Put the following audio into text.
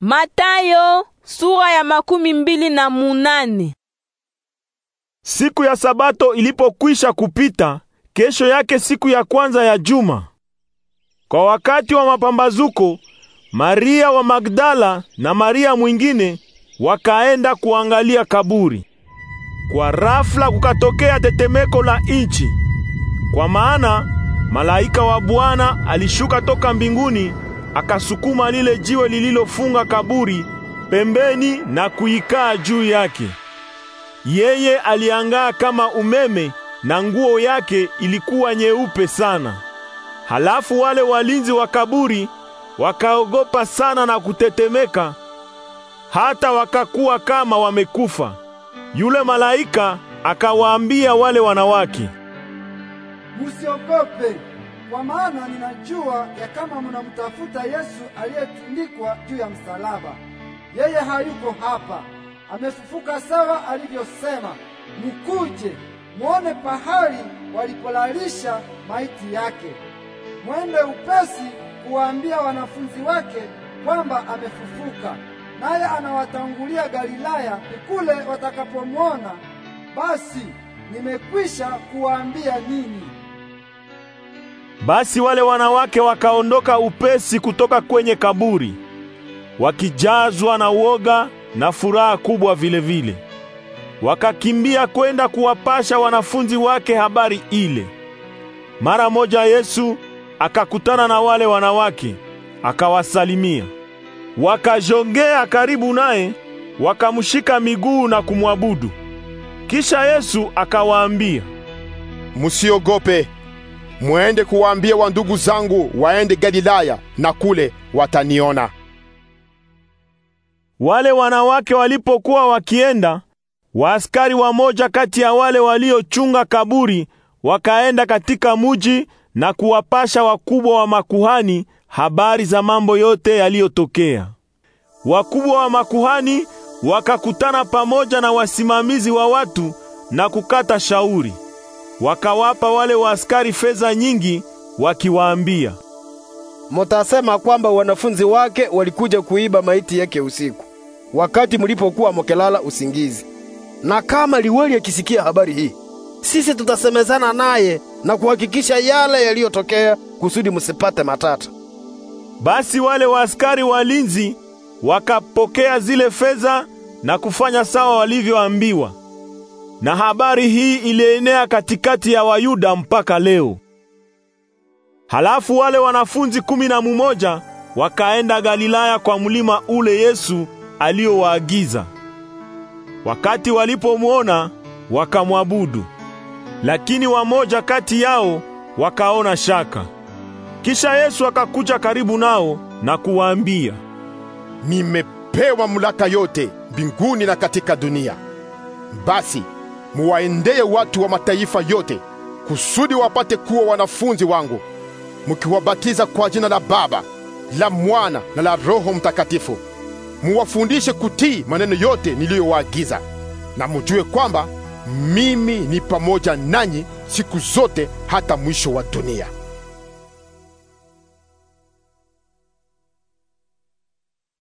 Matayo sura ya makumi mbili na munane. Siku ya Sabato ilipokwisha kupita, kesho yake siku ya kwanza ya juma, kwa wakati wa mapambazuko, Maria wa Magdala na Maria mwingine wakaenda kuangalia kaburi. Kwa rafla kukatokea tetemeko la nchi, kwa maana malaika wa Bwana alishuka toka mbinguni akasukuma lile jiwe lililofunga kaburi pembeni na kuikaa juu yake. Yeye aliangaa kama umeme na nguo yake ilikuwa nyeupe sana. Halafu wale walinzi wa kaburi wakaogopa sana na kutetemeka, hata wakakuwa kama wamekufa. Yule malaika akawaambia wale wanawake, musiogope kwa maana ninajua ya kama mnamtafuta Yesu aliyetundikwa juu ya msalaba. Yeye hayuko hapa, amefufuka sawa alivyosema. Mukuje muone pahali walipolalisha maiti yake. Mwende upesi kuwaambia wanafunzi wake kwamba amefufuka, naye anawatangulia Galilaya, kule watakapomwona. Basi nimekwisha kuwaambia ninyi. Basi wale wanawake wakaondoka upesi kutoka kwenye kaburi, wakijazwa na woga na furaha kubwa vilevile vile. Wakakimbia kwenda kuwapasha wanafunzi wake habari ile. Mara moja Yesu akakutana na wale wanawake, akawasalimia. Wakajongea karibu naye, wakamshika miguu na kumwabudu. Kisha Yesu akawaambia, "Musiogope mwende kuwaambia wa ndugu zangu waende Galilaya na kule wataniona. Wale wanawake walipokuwa wakienda, waaskari wamoja kati ya wale waliochunga kaburi wakaenda katika muji na kuwapasha wakubwa wa makuhani habari za mambo yote yaliyotokea. Wakubwa wa makuhani wakakutana pamoja na wasimamizi wa watu na kukata shauri. Wakawapa wale waaskari fedha nyingi, wakiwaambia, mutasema kwamba wanafunzi wake walikuja kuiba maiti yake usiku, wakati mulipokuwa mukilala usingizi. Na kama Liweli akisikia habari hii, sisi tutasemezana naye na kuhakikisha yale yaliyotokea, kusudi musipate matata. Basi wale waaskari walinzi wakapokea zile fedha na kufanya sawa walivyoambiwa na habari hii ilienea katikati ya Wayuda mpaka leo. Halafu wale wanafunzi kumi na mumoja wakaenda Galilaya kwa mlima ule Yesu aliyowaagiza. Wakati walipomwona wakamwabudu, lakini wamoja kati yao wakaona shaka. Kisha Yesu akakuja karibu nao na kuwaambia, nimepewa mulaka yote mbinguni na katika dunia. Basi muwaendeye watu wa mataifa yote, kusudi wapate kuwa wanafunzi wangu, mkiwabatiza kwa jina la Baba, la Mwana na la Roho Mtakatifu. Muwafundishe kutii maneno yote niliyowaagiza, na mujue kwamba mimi ni pamoja nanyi siku zote hata mwisho wa dunia.